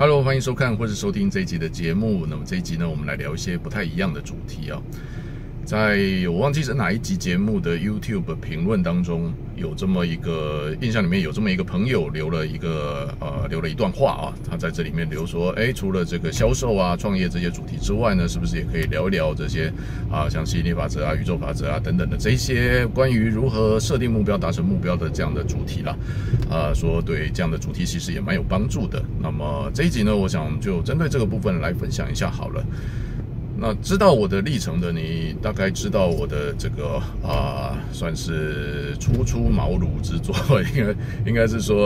Hello，歡迎收看或是收聽這一集的節目。那麼這一集呢，我們來聊一些不太一樣的主題啊。在我忘記是哪一集節目的 YouTube 評論當中，有這麼一個印象，裡面有這麼一個朋友留了一個呃，留了一段話啊，他在這裡面留說，誒，除了這個銷售啊、創業這些主題之外呢，是不是也可以聊一聊這些啊，像吸引力法則啊、宇宙法則啊等等的這些關於如何設定目標、達成目標的這樣的主題啦。啊，說對這樣的主題其實也蠻有幫助的。那麼這一集呢，我想就針對這個部分來分享一下好了。那知道我的歷程的，你大概知道我的這個啊、呃，算是初出茅廬之作，應該應該是說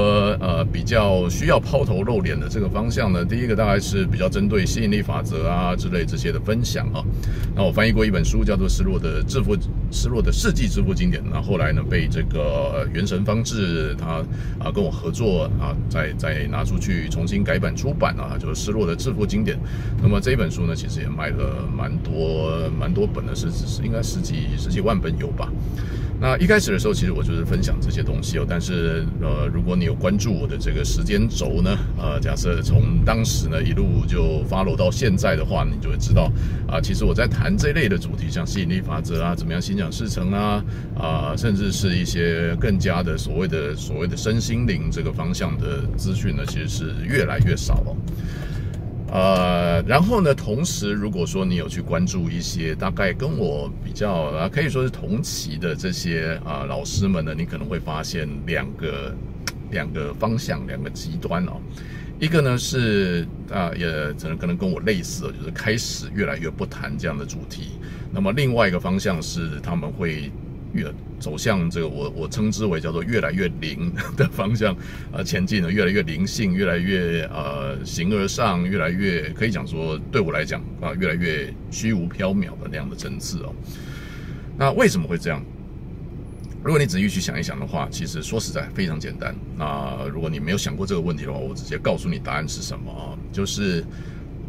呃比較需要拋頭露臉的這個方向呢。第一個大概是比較針對吸引力法則啊之類這些的分享啊。那我翻譯過一本書，叫做《失落的致富失落的世紀致富經典》。那後，後來呢被這個圓神方智他啊跟我合作啊，再再拿出去重新改版出版啊，就是《失落的致富經典》。那麼這本書呢，其實也賣了。蠻多蠻多本的，是是應該十幾十幾萬本有吧？那一開始的時候，其實我就是分享這些東西哦。但是，呃，如果你有關注我的這個時間軸呢，呃，假設從當時呢一路就 follow 到現在的話，你就會知道啊、呃，其實我在談這類的主題，像吸引力法則啊，怎麼樣心想事成啊，啊、呃，甚至是一些更加的所謂的所謂的身心靈這個方向的資訊呢，其實是越來越少了、哦。呃，然後呢，同時，如果說你有去關注一些大概跟我比較，啊，可以說是同期的這些啊老師們呢，你可能會發現兩個兩個方向，兩個極端哦。一個呢是啊，也可能可能跟我類似，就是開始越來越不談這樣的主題。那麼另外一個方向是他們會。越走向這個，我我稱之為叫做越來越靈的方向前進的越來越靈性，越來越呃形而上，越來越可以講說，對我來講啊，越來越虛無縹緲的那樣的層次哦。那為什麼會這樣？如果你仔細去想一想的話，其實說實在非常簡單。那如果你沒有想過這個問題的話，我直接告訴你答案是什麼啊，就是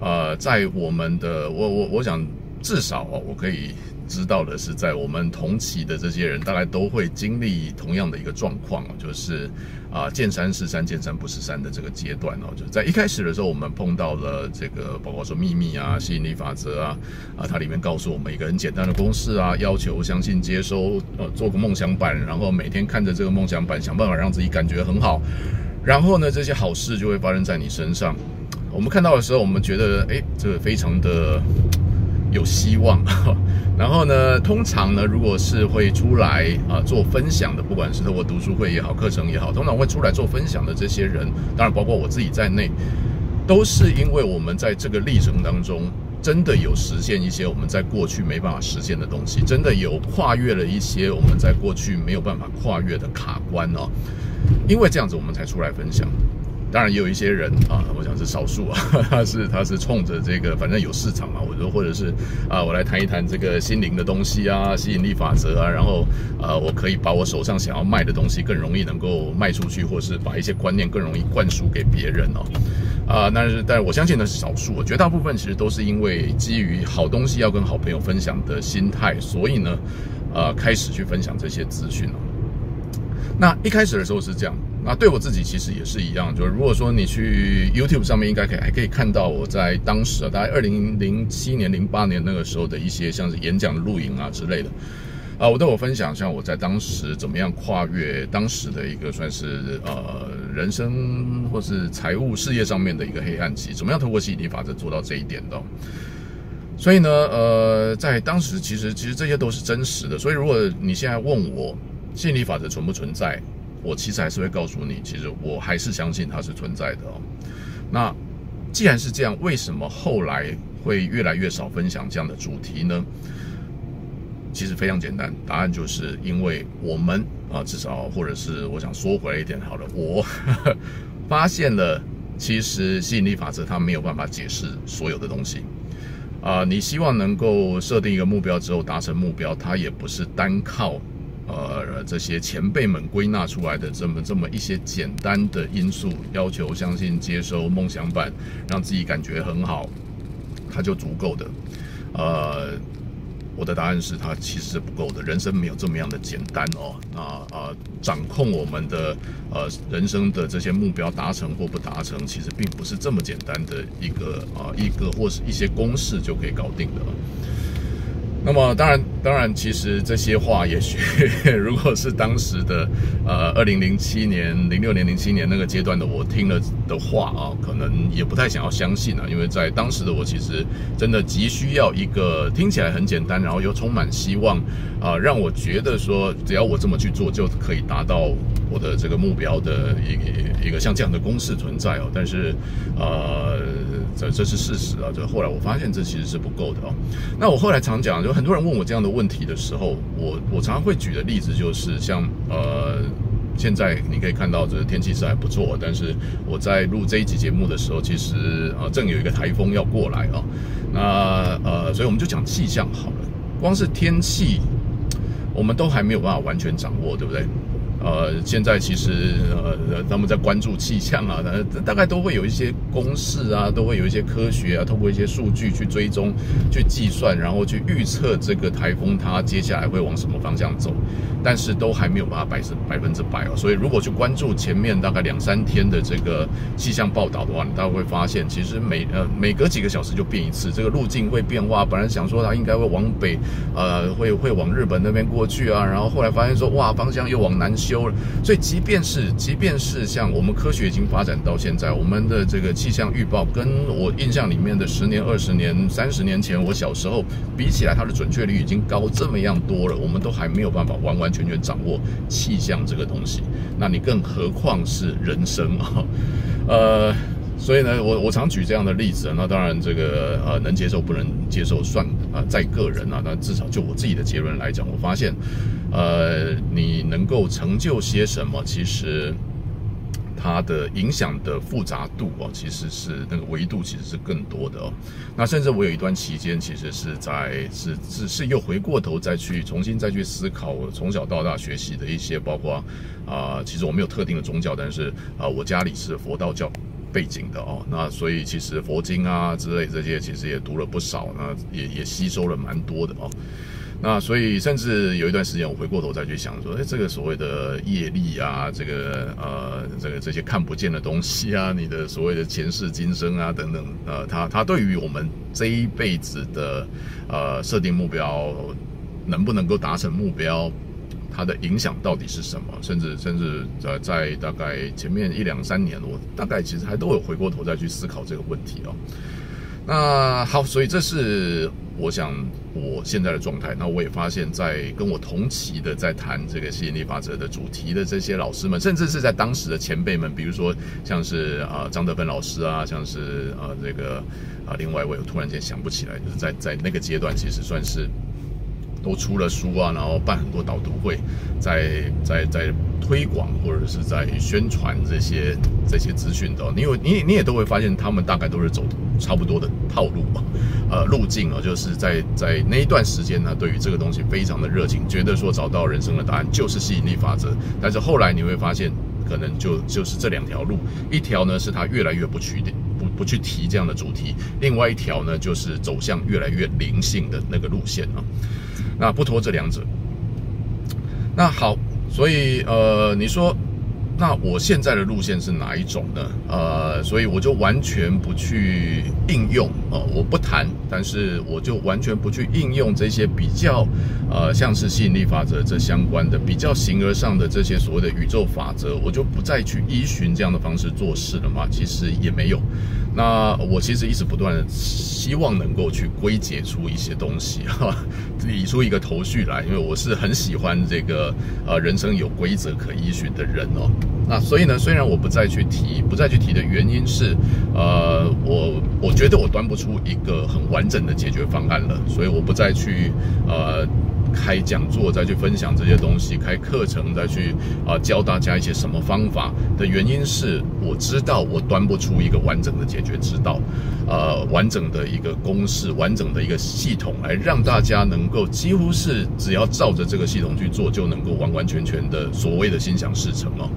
呃在我們的我我我想至少我可以。知道的是，在我們同期的這些人，大概都會經歷同樣的一個狀況，就是啊，見山是山，見山不是山的這個階段哦、啊。就在一開始的時候，我們碰到了這個，包括說秘密啊、吸引力法則啊，啊，它裡面告訴我們一個很簡單的公式啊，要求、相信、接收，呃，做個夢想板，然後每天看着這個夢想板，想辦法讓自己感覺很好，然後呢，這些好事就會發生在你身上。我們看到的時候，我們覺得，誒，這個非常的。有希望，然後呢，通常呢，如果是會出來啊，做分享的，不管是透過讀書會也好，課程也好，通常會出來做分享的這些人，當然包括我自己在內，都是因為我們在這個歷程當中，真的有實現一些我們在過去沒辦法實現的東西，真的有跨越了一些我們在過去沒有辦法跨越的卡關哦，因為這樣子，我們才出來分享。當然也有一些人啊、呃，我想是少數啊，他是他是衝着這個，反正有市場嘛、啊。我就或者是啊、呃，我來談一談這個心靈的東西啊，吸引力法則啊，然後啊、呃，我可以把我手上想要賣的東西更容易能夠賣出去，或者是把一些觀念更容易灌輸給別人哦、啊。啊、呃，但是但是我相信的是少數、啊，我覺得大部分其實都是因為基於好東西要跟好朋友分享的心態，所以呢，啊、呃，開始去分享這些資訊了、啊。那一開始的時候是這樣，那對我自己其實也是一樣。就是如果說你去 YouTube 上面，應該可以還可以看到我在當時啊，大概二零零七年、零八年那個時候的一些像是演講錄影啊之類的。啊，我都有分享一下我在當時怎麼樣跨越當時的一個算是呃人生或是財務事業上面的一個黑暗期，怎麼樣透過吸引力法則做到這一點的哦。所以呢，呃，在當時其實其實這些都是真實的。所以如果你現在問我，吸引力法則存不存在？我其實還是會告訴你，其實我還是相信它是存在的哦。那既然是這樣，為什麼後來會越來越少分享這樣的主題呢？其實非常簡單，答案就是因為我們啊，至少或者是我想說回來一點好了，我呵呵發現了，其實吸引力法則它沒有辦法解釋所有的東西啊、呃。你希望能夠設定一個目標之後達成目標，它也不是單靠。呃，這些前輩們歸納出來的這麼這麼一些簡單的因素，要求相信接收夢想版，讓自己感覺很好，它就足夠的。呃，我的答案是它其實是不夠的，人生沒有這麼樣的簡單哦。那呃，呃，掌控我們的呃人生的這些目標達成或不達成，其實並不是這麼簡單的一個啊、呃、一個或是一些公式就可以搞定的。那麼當然，當然，其實這些話也許如果是當時的，呃，二零零七年、零六年、零七年那個階段的我聽了的話啊，可能也不太想要相信啊，因為在當時的我，其實真的急需要一個聽起來很簡單，然後又充滿希望啊，呃，讓我覺得說只要我這麼去做就可以達到我的這個目標的一個一個像這樣的公式存在哦，啊。但是，呃，這這是事實啊。這後來我發現這其實是不夠的哦，啊。那我後來常講就。很多人問我這樣的問題的時候，我我常常會舉的例子就是像，像呃，現在你可以看到這天氣是還不錯，但是我在錄這一集節目的時候，其實啊，呃，正有一個颱風要過來啊，那呃，所以我們就講氣象好了。光是天氣，我們都還沒有辦法完全掌握，對不對？呃，現在其實呃，他們在關注氣象啊，呃，大概都會有一些公式啊，都會有一些科學啊，通過一些數據去追蹤、去計算，然後去預測這個台風它接下來會往什麼方向走，但是都還沒有把它百百分之百哦啊，所以如果去關注前面大概兩三天的這個氣象報道的話，你大概會發現，其實每呃每隔幾個小時就變一次，這個路徑會變化。本來想說它應該會往北，呃，會會往日本那邊過去啊，然後後來發現說哇，方向又往南修。所以，即便是即便是像我們科學已經發展到現在，我們的這個氣象預報，跟我印象裡面的十年、二十年、三十年前，我小時候比起來，它的準確率已經高這麼樣多了。我們都還沒有辦法完完全全掌握氣象這個東西，那你更何況是人生啊？呃。所以呢，我我常舉這樣的例子，那當然，這個呃，能接受不能接受，算啊、呃，在個人啊，那至少就我自己的結論來講，我發現，呃，你能夠成就些什麼，其實它的影響的複雜度、啊、其實是那個維度，其實是更多的哦。那甚至我有一段期間，其實是在是是是又回過頭再去重新再去思考，我從小到大學習的一些，包括啊、呃，其實我沒有特定的宗教，但是啊、呃，我家裡是佛道教。背景的哦，那所以其實佛經啊之類這些，其實也讀了不少，那也也吸收了蠻多的哦。那所以甚至有一段時間，我回過頭再去想說，哎，這個所謂的業力啊，這個呃，這個這些看不見的東西啊，你的所謂的前世今生啊等等，呃，它它對於我們這一輩子的呃設定目標，能不能夠達成目標？它的影響到底是什麼？甚至甚至在在大概前面一兩三年，我大概其實還都有回過頭再去思考這個問題哦，那好，所以這是我想我現在的狀態。那我也發現，在跟我同期的在談這個吸引力法則的主題的這些老師們，甚至是在當時的前輩們，比如說像是啊、呃、張德芬老師啊，像是啊、呃、這個啊、呃，另外一位我突然間想不起來，就是在在那個階段其實算是。都出了書啊，然後辦很多導讀會，在在在推廣或者是在宣傳這些這些資訊的哦。你有你你也都會發現，他們大概都是走差不多的套路，呃，路徑啊哦，就是在在那一段時間呢，對於這個東西非常的熱情，覺得說找到人生的答案就是吸引力法則。但是後來你會發現。可能就就是這兩條路，一條呢是他越來越不去不不去提這樣的主題，另外一條呢就是走向越來越靈性的那個路線啊。那不脫這兩者。那好，所以呃，你說。那我現在的路線是哪一種呢？呃，所以我就完全不去應用。呃，我不談，但是我就完全不去應用這些比較呃，像是吸引力法則這相關的比較形而上的這些所謂的宇宙法則，我就不再去依循這樣的方式做事了嘛。其實也沒有。那我其實一直不斷地希望能夠去歸結出一些東西哈，理出一個頭緒來，因為我是很喜歡這個呃人生有規則可依循的人哦。那所以呢，雖然我不再去提，不再去提的原因是，呃，我我覺得我端不出一個很完整的解決方案了，所以我不再去呃。開講座，再去分享這些東西，開課程再去啊、呃、教大家一些什麼方法的原因是，我知道我端不出一個完整的解決之道，呃，完整的一個公式，完整的一個系統來讓大家能夠幾乎是只要照着這個系統去做，就能夠完完全全的所謂的心想事成哦。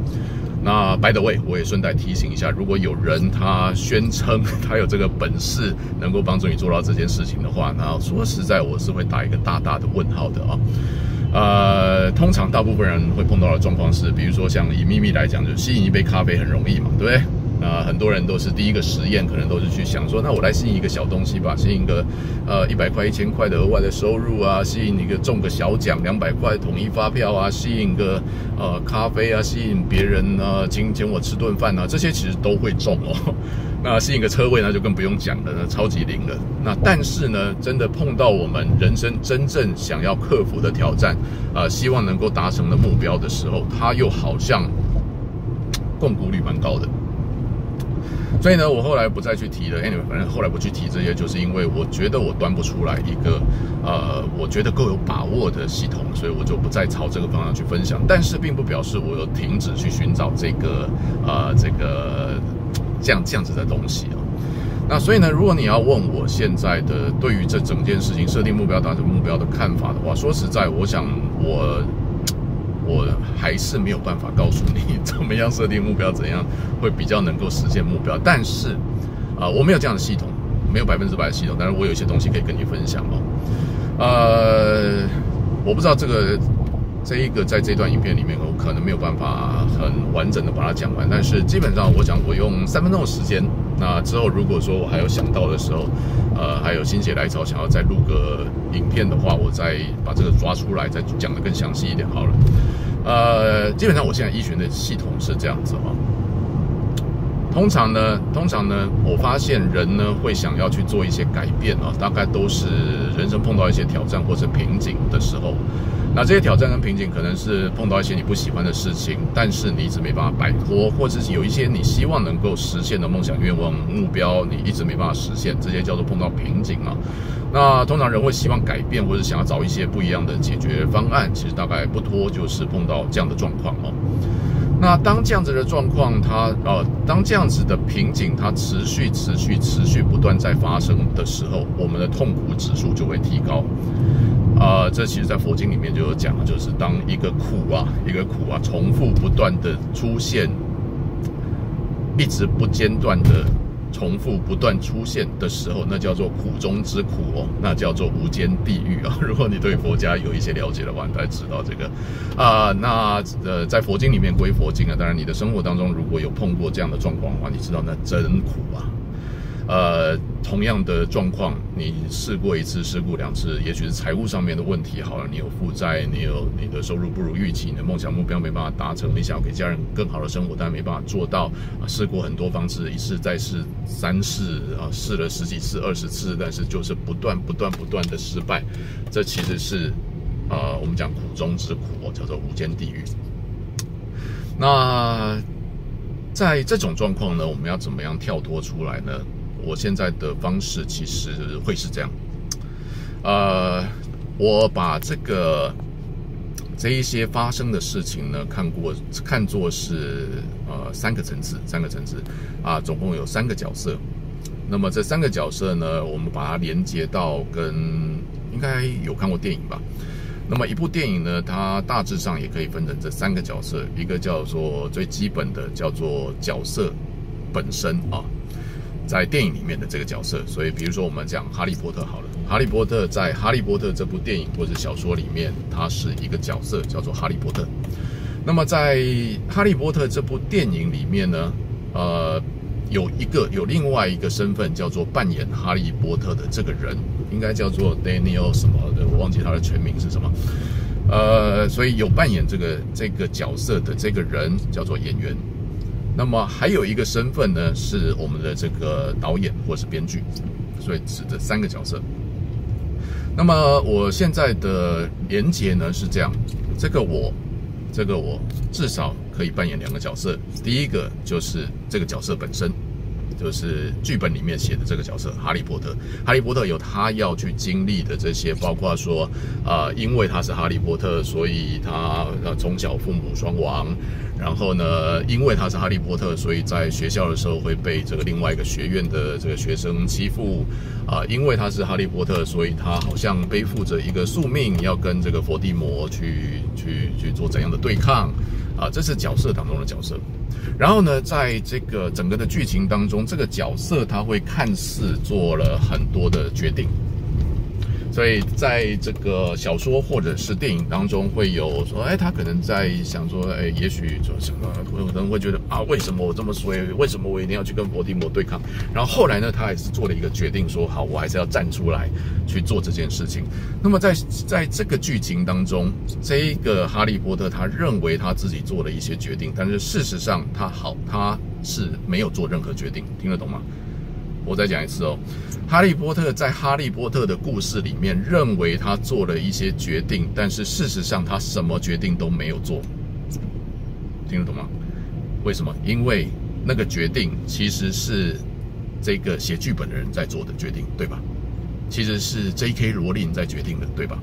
那 By the way，我也順帶提醒一下，如果有人他宣稱他有這個本事能夠幫助你做到這件事情的話，那說實在我是會打一個大大的問號的啊。呃，通常大部分人會碰到的狀況是，比如說像以秘密來講，就吸引一杯咖啡很容易嘛，對不對？那、呃、很多人都是第一個實驗，可能都是去想說，那我來吸引一個小東西吧，吸引個呃一百塊、一千塊的額外的收入啊，吸引一個中個小獎兩百塊統一發票啊，吸引個呃咖啡啊，吸引別人啊，請請我吃頓飯啊，這些其實都會中哦。 那吸引個車位那就更不用講了，那超級靈了。那但是呢，真的碰到我們人生真正想要克服的挑戰，呃，希望能夠達成的目標的時候，它又好像摃龜率蠻高的。所以呢，我後來不再去提了。Anyway，反正後來不去提這些，就是因為我覺得我端不出來一個，呃，我覺得夠有把握的系統，所以我就不再朝這個方向去分享。但是並不表示我有停止去尋找這個，呃，這個這樣這樣子的東西啊。那所以呢，如果你要問我現在的對於這整件事情設定目標、達成目標的看法的話，說實在，我想我。我還是沒有辦法告訴你怎麼樣設定目標，怎樣會比較能夠實現目標。但是，啊、呃，我沒有這樣的系統，沒有百分之百的系統。但是我有一些東西可以跟你分享哦。呃，我不知道這個這一個在這段影片裡面，我可能沒有辦法很完整的把它講完。但是基本上，我講我用三分鐘的時間。那之後，如果說我還有想到的時候，呃，還有心血來潮想要再錄個影片的話，我再把這個抓出來，再講得更詳細一點好了。呃，基本上我現在依循的系統是這樣子哦。通常呢，通常呢，我發現人呢會想要去做一些改變啊、哦，大概都是人生碰到一些挑戰或是瓶頸的時候。那這些挑戰跟瓶頸，可能是碰到一些你不喜歡的事情，但是你一直沒辦法擺脫，或者是有一些你希望能夠實現的夢想、願望、目標，你一直沒辦法實現，這些叫做碰到瓶頸啊。那通常人會希望改變，或者是想要找一些不一樣的解決方案，其實大概不脫就是碰到這樣的狀況哦、啊。那當這樣子的狀況它，它呃，當這樣子的瓶頸，它持續、持續、持續不斷在發生的時候，我們的痛苦指數就會提高。啊、呃，這其實，在佛經裡面就有講，就是當一個苦啊，一個苦啊，重複不斷地出現，一直不間斷地重複不斷出現的時候，那叫做苦中之苦哦，那叫做無間地獄啊。如果你對佛家有一些了解的話，你才知道這個。啊、呃，那呃，在佛經裡面歸佛經啊，當然你的生活當中如果有碰過這樣的狀況的話，你知道那真苦啊，呃。同樣的狀況，你試過一次，試過兩次，也許是財務上面的問題，好了，你有負債，你有你的收入不如預期，你的夢想目標沒辦法達成，你想要給家人更好的生活，但沒辦法做到，試過很多方式，一試再試，三試啊，試了十幾次、二十次，但是就是不斷、不斷、不斷的失敗，這其實是啊、呃，我們講苦中之苦，叫做無間地獄。那在這種狀況呢，我們要怎麼樣跳脫出來呢？我現在的方式其實會是這樣，呃，我把這個這一些發生的事情呢，看過看作，是呃三個層次，三個層次啊，總共有三個角色。那麼這三個角色呢，我們把它連接到跟應該有看過電影吧。那麼一部電影呢，它大致上也可以分成這三個角色，一個叫做最基本的叫做角色本身啊。在電影裡面的這個角色，所以比如說我們講哈利波特好了，哈利波特在《哈利波特》這部電影或者小說裡面，他是一個角色，叫做哈利波特。那麼在《哈利波特》這部電影裡面呢，呃，有一個有另外一個身份叫做扮演哈利波特的這個人，應該叫做 Daniel 什麼的，我忘記他的全名是什麼。呃，所以有扮演這個這個角色的這個人叫做演員。那麼還有一個身份呢，是我們的這個導演或是編劇，所以是這三個角色。那麼我現在的連接呢是這樣：這個我，這個我至少可以扮演兩個角色。第一個就是這個角色本身，就是劇本裡面寫的這個角色哈利波特。哈利波特有他要去經歷的這些，包括說啊、呃，因為他是哈利波特，所以他，他從小父母雙亡。然後呢，因為他是哈利波特，所以在學校的時候會被這個另外一個學院的這個學生欺負。啊、呃，因為他是哈利波特，所以他好像背負着一個宿命，要跟這個伏地魔去去去做怎樣的對抗。啊、呃，這是角色當中的角色。然後呢，在這個整個的劇情當中，這個角色他會看似做了很多的決定。所以，在這個小說或者是電影當中，會有說，哎，他可能在想說，哎，也許就什麼，我可能會覺得啊，為什麼我這麼說？為什麼我一定要去跟伏地魔對抗？然後後來呢，他還是做了一個決定說，說好，我還是要站出來去做這件事情。那麼在，在在這個劇情當中，這個哈利波特他認為他自己做了一些決定，但是事實上，他好，他是沒有做任何決定，聽得懂嗎？我再講一次哦，哈利波特在哈利波特的故事裡面認為他做了一些決定，但是事實上他什麼決定都沒有做，聽得懂嗎？為什麼？因為那個決定其實是這個寫劇本的人在做的決定，對吧？其實是 J.K. 羅琳在決定的，對吧？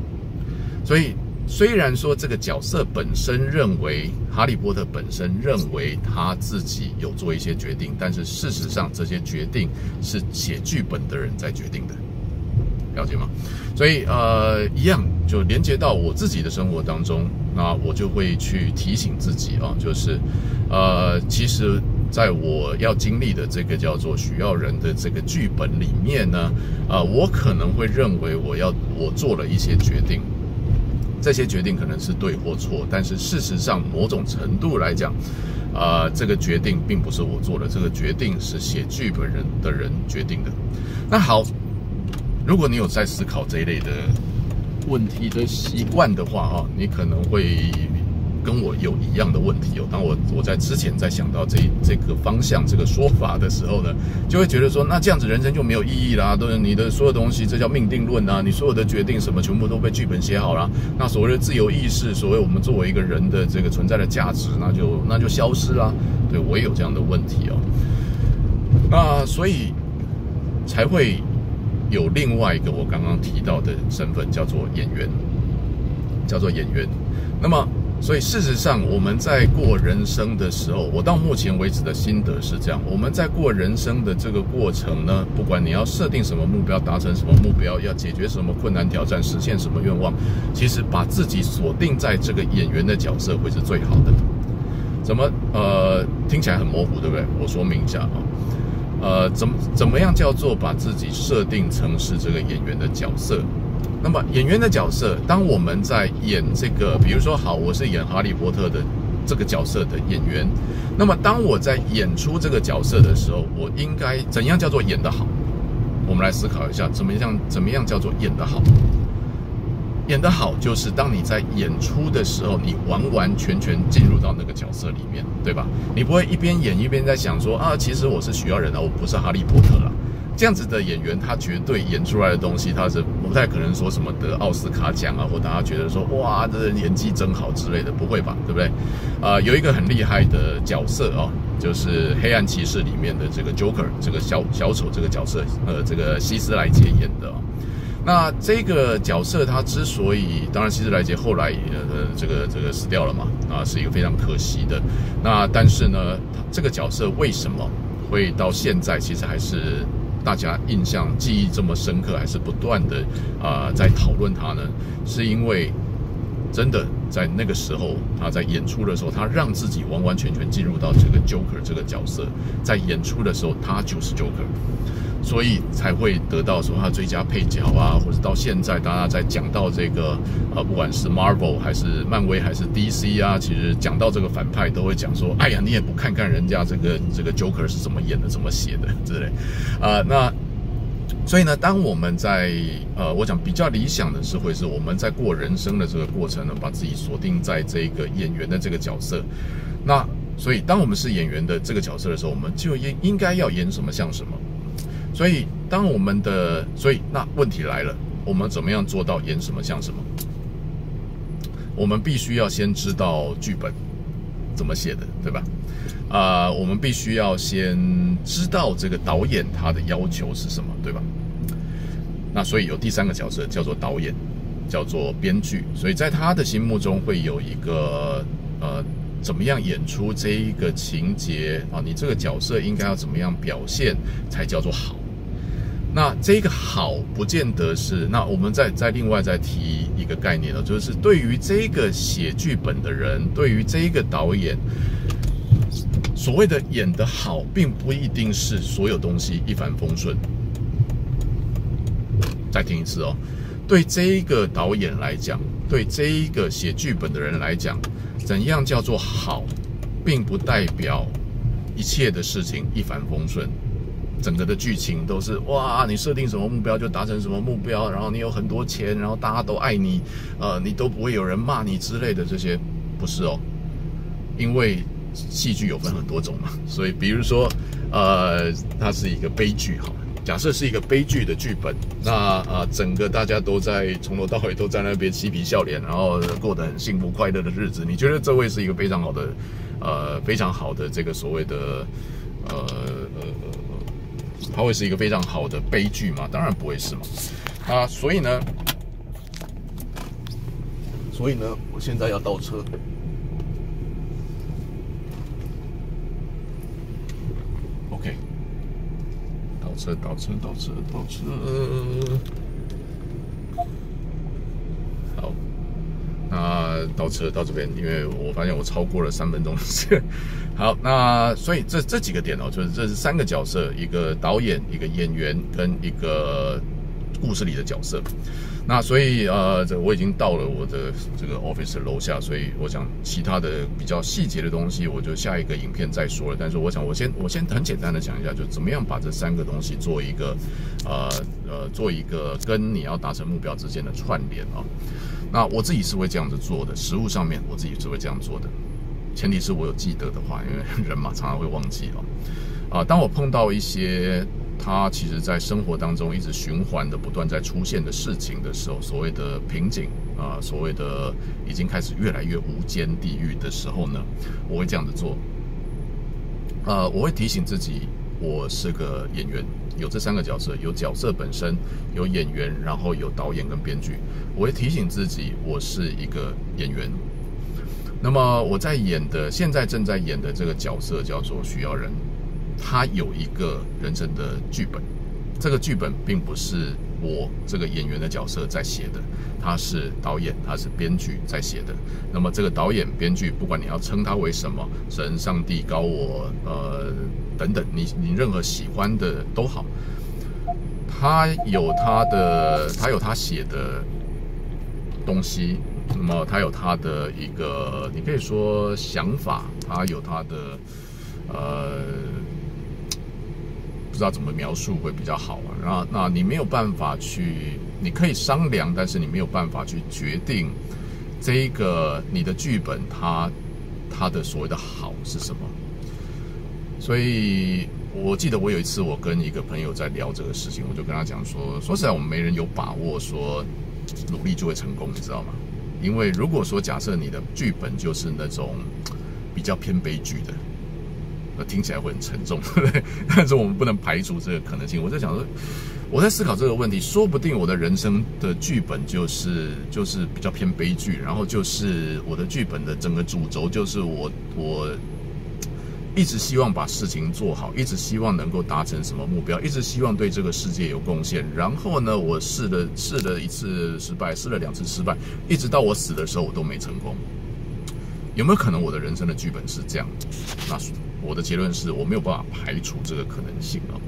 所以。雖然說這個角色本身認為，哈利波特本身認為他自己有做一些決定，但是事實上這些決定是寫劇本的人在決定的，了解嗎？所以呃，一樣就連接到我自己的生活當中，那我就會去提醒自己啊，就是呃，其實在我要經歷的這個叫做許耀仁的這個劇本裡面呢，呃，我可能會認為我要我做了一些決定。這些決定可能是對或錯，但是事實上，某種程度來講，啊、呃，這個決定並不是我做的，這個決定是寫劇本人的人決定的。那好，如果你有在思考這一類的問題的習慣的話，哈，你可能會。跟我有一樣的問題哦。當我我在之前在想到這這個方向這個說法的時候呢，就會覺得說，那這樣子人生就沒有意義啦。對，你的所有東西，這叫命定論啊。你所有的決定什麼，全部都被劇本寫好了。那所謂的自由意識，所謂我們作為一個人的這個存在的價值，那就那就消失了。對，我也有這樣的問題哦。那所以才會有另外一個我剛剛提到的身份，叫做演員，叫做演員。那麼。.所以，事實上，我們在過人生的時候，我到目前為止的心得是這樣：我們在過人生的這個過程呢，不管你要設定什麼目標、達成什麼目標、要解決什麼困難挑戰、實現什麼願望，其實把自己鎖定在這個演員的角色會是最好的。怎麼？呃，聽起來很模糊，對不對？我說明一下啊。呃，怎麼怎麼樣叫做把自己設定成是這個演員的角色？那麼演員的角色，當我們在演這個，比如說好，我是演哈利波特的這個角色的演員。那麼當我在演出這個角色的時候，我應該怎樣叫做演得好？我們來思考一下，怎麼樣怎麼樣叫做演得好？演得好就是當你在演出的時候，你完完全全進入到那個角色裡面，對吧？你不會一邊演一邊在想說啊，其實我是需要人啊，我不是哈利波特啊。這樣子的演員，他絕對演出來的東西，他是不太可能說什麼得奧斯卡獎啊，或大家覺得說哇，這演技真好之類的，不會吧，對不對？啊、呃，有一個很厲害的角色啊、哦，就是《黑暗騎士》裡面的這個 Joker，這個小小丑這個角色，呃，這個希斯萊傑演的、哦。那這個角色他之所以，當然希斯萊傑後來呃這個這個死掉了嘛，啊、呃，是一個非常可惜的。那但是呢，這個角色為什麼會到現在其實還是？大家印象記憶這麼深刻，還是不斷的啊，呃，在討論他呢？是因為真的在那個時候，他在演出的時候，他讓自己完完全全進入到這個 Joker 這個角色，在演出的時候，他就是 Joker。所以才會得到說他最佳配角啊，或者到現在大家在講到這個呃，不管是 Marvel 還是漫威還是 DC 啊，其實講到這個反派都會講說：“哎呀，你也不看看人家這個這個 Joker 是怎麼演的，怎麼寫的之類。對不對”啊、呃，那所以呢，當我們在呃，我講比較理想的是會是我們在過人生的這個過程呢，把自己鎖定在這個演員的這個角色。那所以當我們是演員的這個角色的時候，我們就應應該要演什麼像什麼。所以，當我們的所以，那問題來了，我們怎麼樣做到演什麼像什麼？我們必須要先知道劇本怎麼寫的，對吧？啊，我們必須要先知道這個導演他的要求是什麼，對吧？那所以有第三個角色叫做導演，叫做編劇，所以在他的心目中會有一個呃，怎麼樣演出這一個情節啊？你這個角色應該要怎麼樣表現才叫做好？那這個好不見得是。那我們再再另外再提一個概念了，就是對於這個寫劇本的人，對於這個導演，所謂的演得好，並不一定是所有東西一帆風順。再聽一次哦，對這一個導演來講，對這一個寫劇本的人來講，怎樣叫做好，並不代表一切的事情一帆風順。整個的劇情都是哇，你設定什麼目標就達成什麼目標，然後你有很多錢，然後大家都愛你，呃，你都不會有人罵你之類的這些，不是哦？因為戲劇有分很多種嘛，所以比如說，呃，它是一個悲劇哈，假設是一個悲劇的劇本，那啊、呃，整個大家都在從頭到尾都在那邊嬉皮笑臉，然後過得很幸福快樂的日子，你覺得這位是一個非常好的，呃，非常好的這個所謂的，呃。呃它會是一個非常好的悲劇嘛，當然不會是嘛！啊，所以呢，所以呢，我現在要倒車。OK，倒車，倒車，倒車，倒車，倒車，嗯。好，那倒車到這邊，因為我發現我超過了三分鐘的。好，那所以這這幾個點哦，就是這是三個角色：一個導演，一個演員，跟一個故事裡的角色。那所以呃，這我已經到了我的這個 office 樓下，所以我想其他的比較細節的東西，我就下一個影片再說了。但是我想，我先我先很簡單的講一下，就怎麼樣把這三個東西做一個呃呃做一個跟你要達成目標之間的串聯哦、啊。那我自己是會這樣子做的，實務上面我自己是會這樣做的。前提是我有記得的話，因為人嘛常常會忘記哦。啊，當我碰到一些他其實，在生活當中一直循環的、不斷在出現的事情的時候，所謂的瓶頸啊，所謂的已經開始越來越無間地獄的時候呢，我會這樣子做。啊。我會提醒自己，我是個演員，有這三個角色，有角色本身，有演員，然後有導演跟編劇。我會提醒自己，我是一個演員。那麼我在演的，現在正在演的這個角色叫做需要人，他有一個人生的劇本，這個劇本並不是我這個演員的角色在寫的，他是導演，他是編劇在寫的。那麼這個導演、編劇，不管你要稱他為什麼，神、上帝、高我，呃，等等，你你任何喜歡的都好，他有他的，他有他寫的。東西，那麼他有他的一個，你可以說想法，他有他的，呃，不知道怎麼描述會比較好啊。然後，那你沒有辦法去，你可以商量，但是你沒有辦法去決定這個你的劇本它，它它的所謂的好是什麼。所以我記得我有一次，我跟一個朋友在聊這個事情，我就跟他講說，說實在，我們沒人有把握說。努力就會成功，你知道嗎？因為如果說假設你的劇本就是那種比較偏悲劇的，那聽起來會很沉重，對不對？但是我們不能排除這個可能性。我在想說，我在思考這個問題，說不定我的人生的劇本就是就是比較偏悲劇，然後就是我的劇本的整個主軸就是我我。一直希望把事情做好，一直希望能夠達成什麼目標，一直希望對這個世界有貢獻。然後呢，我試了試了一次失敗，試了兩次失敗，一直到我死的時候，我都沒成功。有沒有可能我的人生的劇本是這樣子？那我的結論是，我沒有辦法排除這個可能性啊。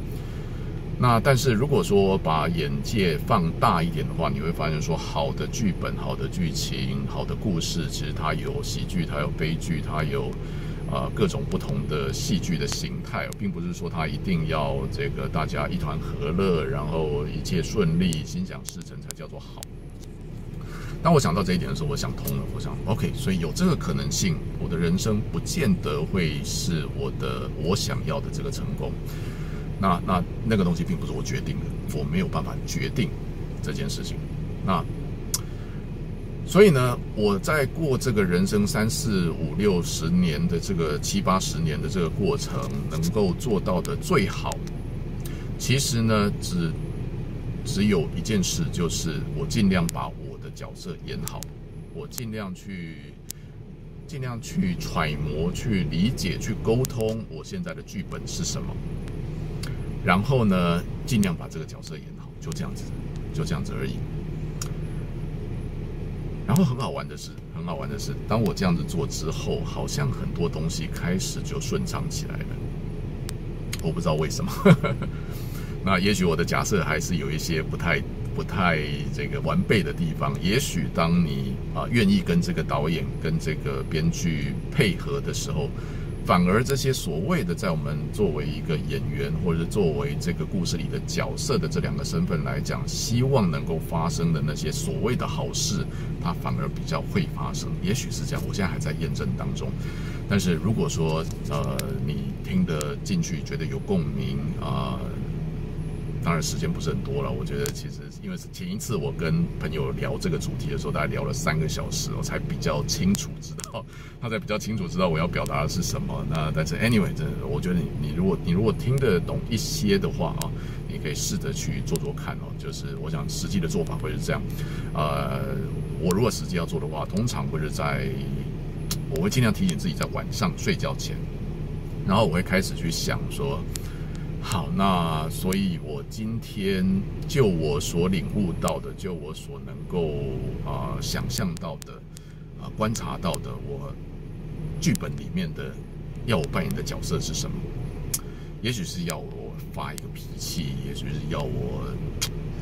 那但是如果說把眼界放大一點的話，你會發現說，好的劇本、好的劇情、好的故事，其實它有喜劇，它有悲劇，它有。啊，各種不同的戲劇的形態，並不是說它一定要這個大家一團和樂，然後一切順利，心想事成才叫做好。當我想到這一點的時候，我想通了，我想，OK，所以有這個可能性，我的人生不見得會是我的我想要的這個成功。那那那個東西並不是我決定的，我沒有辦法決定這件事情。那。所以呢，我在過這個人生三四五六十年的這個七八十年的這個過程，能夠做到的最好，其實呢，只只有一件事，就是我盡量把我的角色演好，我盡量去、盡量去揣摩，去理解，去溝通我現在的劇本是什麼，然後呢，盡量把這個角色演好，就這樣子，就這樣子而已。然後很好玩的是，很好玩的是，當我這樣子做之後，好像很多東西開始就順暢起來了。我不知道為什麼。 那也許我的假設還是有一些不太、不太這個完備的地方。也許當你啊願意跟這個導演、跟這個編劇配合的時候。反而這些所謂的，在我們作為一個演員，或者是作為這個故事裡的角色的這兩個身份來講，希望能夠發生的那些所謂的好事，它反而比較會發生。也許是這樣，我現在還在驗證當中。但是如果說呃，你聽得進去，覺得有共鳴啊，呃。當然時間不是很多了，我覺得其實因為是前一次我跟朋友聊這個主題的時候，大概聊了三個小時，哦，我才比較清楚知道，他才比較清楚知道我要表達的是什麼。那但是 anyway，真的，我覺得你你如果你如果聽得懂一些的話啊，你可以試着去做做看哦。就是我想實際的做法會是這樣，呃，我如果實際要做的話，通常會是在我會盡量提醒自己在晚上睡覺前，然後我會開始去想說。好，那所以，我今天就我所領悟到的，就我所能夠啊、呃、想象到的，啊、呃、觀察到的，我劇本裡面的要我扮演的角色是什麼？也許是要我發一個脾氣，也許是要我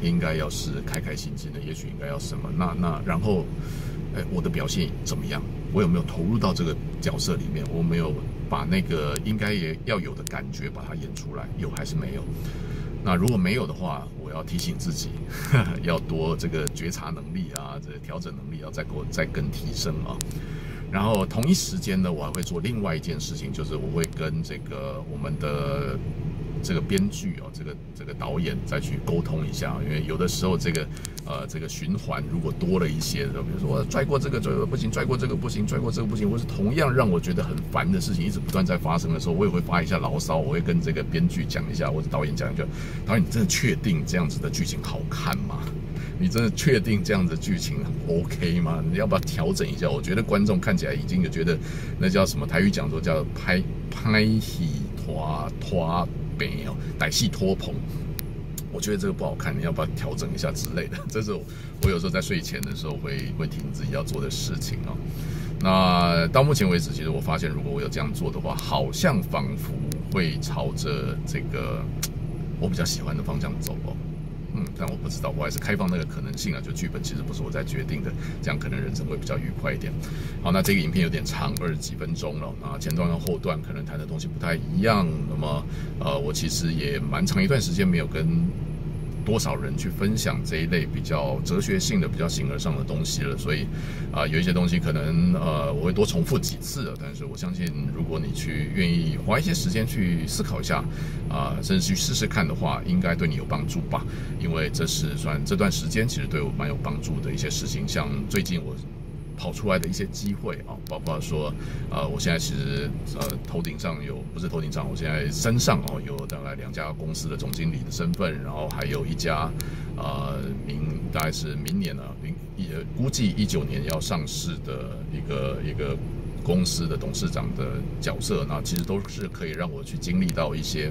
應該要是開開心心的，也許應該要什麼？那那然後，哎，我的表現怎麼樣？我有沒有投入到這個角色裡面？我沒有。把那個應該也要有的感覺，把它演出來，有還是沒有？那如果沒有的話，我要提醒自己，要多這個覺察能力啊，這個、調整能力要、啊、再給我再更提升啊。然後同一時間呢，我還會做另外一件事情，就是我會跟這個我們的。這個編劇、啊、這個這個導演再去溝通一下、啊，因為有的時候這個呃這個循環如果多了一些的時候，比如說我拽過這個，拽過不行，拽過這個不行，拽過這個不行，或是同樣讓我覺得很煩的事情，一直不斷在發生的時候，我也會發一下牢騷，我會跟這個編劇講一下，或者導演講一下導演，你真的確定這樣子的劇情好看嗎？你真的確定這樣子的劇情很 OK 嗎？你要不要調整一下？我覺得觀眾看起來已經有覺得那叫什麼台語講座，叫拍拍戲拖拖。也好歹戲拖棚，我覺得這個不好看，你要不要調整一下之類的？這是我，有時候在睡前的時候會會聽自己要做的事情哦。那到目前為止，其實我發現，如果我有這樣做的話，好像仿佛會朝着這個我比較喜歡的方向走哦。但我不知道，我還是開放那個可能性啊。就劇本其實不是我在決定的，這樣可能人生會比較愉快一點。好，那這個影片有點長，二十幾分鐘了。啊，前段和後段可能談的東西不太一樣。那麼，呃，我其實也蠻長一段時間沒有跟。多少人去分享這一類比較哲學性的、比較形而上的東西了。所以，啊、呃，有一些東西可能呃，我會多重複幾次的。但是，我相信如果你去願意花一些時間去思考一下，啊、呃，甚至去試試看的話，應該對你有幫助吧。因為這是算這段時間其實對我蠻有幫助的一些事情。像最近我。跑出來的一些機會啊，包括說，呃，我現在其實呃，頭頂上有，不是頭頂上，我現在身上哦、啊，有大概兩家公司的總經理的身份，然後還有一家，呃，明大概是明年呢？啊，明也估計一九年要上市的一個一個。公司的董事長的角色，那其實都是可以讓我去經歷到一些，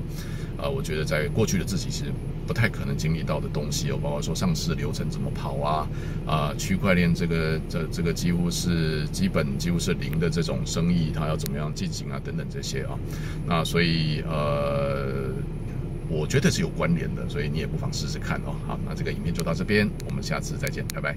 啊、呃，我覺得在過去的自己其實不太可能經歷到的東西哦，包括說上市流程怎麼跑啊，啊、呃，區塊鏈這個這這個幾乎是基本幾乎是零的這種生意，它要怎麼樣進行啊，等等這些啊、哦，那所以呃，我覺得是有關聯的，所以你也不妨試試看哦。好，那這個影片就到這邊，我們下次再見，拜拜。